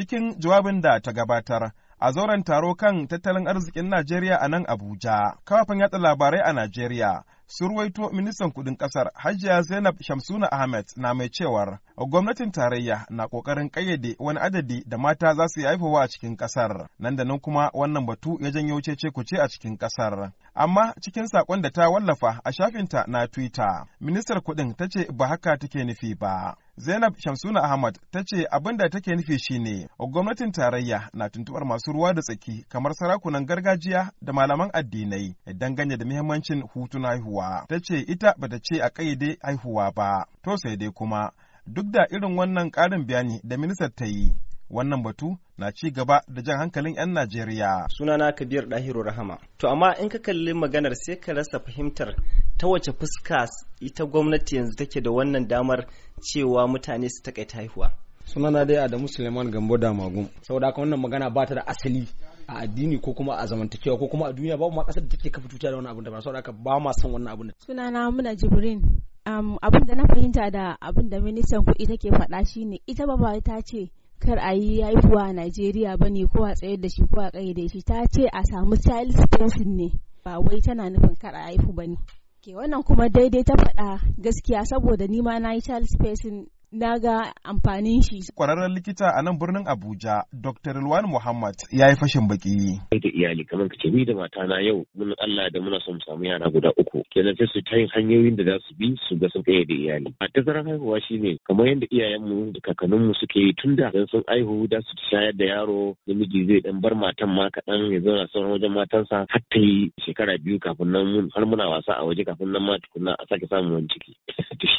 cikin jawabin da ta gabatar a zauren taro kan tattalin arzikin Najeriya a nan Abuja. Kafafen yatsa labarai a Najeriya surwaito ruwaito ministan kudin kasar Hajiya Zainab Shamsuna Ahmed na mai cewar gwamnatin tarayya na kokarin kayyade wani adadi da mata za su yi haifowa a cikin kasar nan da nan kuma wannan batu ya janyo cece kuce a cikin kasar amma cikin sakon da ta wallafa a shafinta na twitter ministar kuɗin ta ce ba haka take nufi ba Zainab Shamsuna Ahmad ta ce abin da take nufi shine gwamnatin tarayya na tuntubar masu ruwa da tsaki kamar sarakunan gargajiya da malaman addinai idan ganye da muhimmancin hutun haihuwa. Ta ce ita bata ce a kayyade haihuwa ba, to sai dai kuma Duk da irin wannan ƙarin bayani da ministar ta yi, wannan batu na ci gaba da jan hankalin 'yan Najeriya. Sunana Kabir Dahiru Rahama. To amma in ka kalli maganar sai ka rasa fahimtar ta wace fuska ita gwamnati yanzu take da wannan damar cewa mutane su ta haihuwa. Sunana dai Adamu Suleiman Gambo da Damagum. Saboda haka wannan magana ba ta da asali a addini ko kuma a zamantakewa ko kuma a duniya babu ma kasar da take kafa tuta da wani abin da ba saboda haka ba ma son wannan abin. Sunana Muna Jibrin. um, abin da na fahimta da abin da ministan kuɗi take faɗa shine ita ba ta ce kar a yi haihuwa a Najeriya ba ne ko a tsayar da shi ko a ƙayyade shi ta ce a samu child spacing ne ba wai tana nufin kar a haihu ba ne. Ke wannan kuma daidai ta faɗa gaskiya saboda ni ma na yi child spacing na ga amfanin shi. Kwararren likita a nan birnin Abuja, Dr. Ilwan Muhammad ya yi fashin baki. Da iyali kamar ka ce ni da na yau mun Allah da muna son samu yara guda uku. Kenan sai su ta yin hanyoyin da za su bi su ga sun kai da iyali. A tazaran haihuwa shine kamar yadda iyayenmu da kakanninmu suke yi tun da dan sun aihu da su shayar da yaro namiji zai dan bar matan ma kaɗan ya zauna sauran wajen matansa har ta yi shekara biyu kafin nan har muna wasa a waje kafin nan ma tukunna a sake samun wani ciki.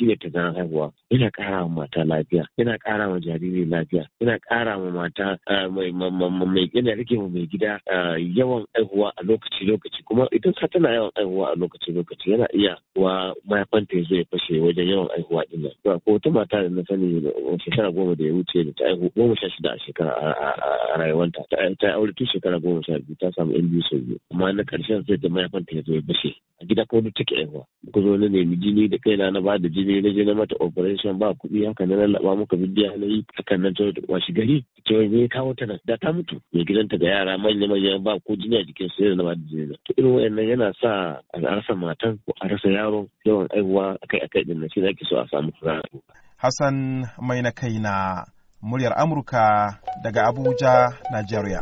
ne tazaran haihuwa yana ƙara wa mata lafiya yana ƙara wa jariri lafiya yana ƙara wa mata mai yana rike wa mai gida yawan haihuwa a lokaci lokaci kuma idan ka tana yawan haihuwa a lokaci lokaci yana iya wa mahaifanta ya zo ya fashe wajen yawan haihuwa din nan ko wata mata da na sani shekara goma da ya wuce da ta haihu goma sha shida a shekara a rayuwanta ta aure tun shekara goma sha biyu ta samu yan biyu sau biyu amma na ƙarshen sai da mahaifanta ya zo ya fashe a gida ko duk take aihuwa ku zo na nemi jini da kaina na ba da jini je na je na mata operation ba kuɗi haka na lallaba muka bidiya na yi hakan nan ta washi gari ta wani ya kawo ta da ta mutu mai gidanta ga yara manya manya ba ko jini a jikin su na ba da jini to irin wayannan yana sa a rasa matan ko a rasa yaro yawan aihuwa akai akai din na shi ake so a samu kura Hassan mai na kai na muryar Amurka daga Abuja, Najeriya.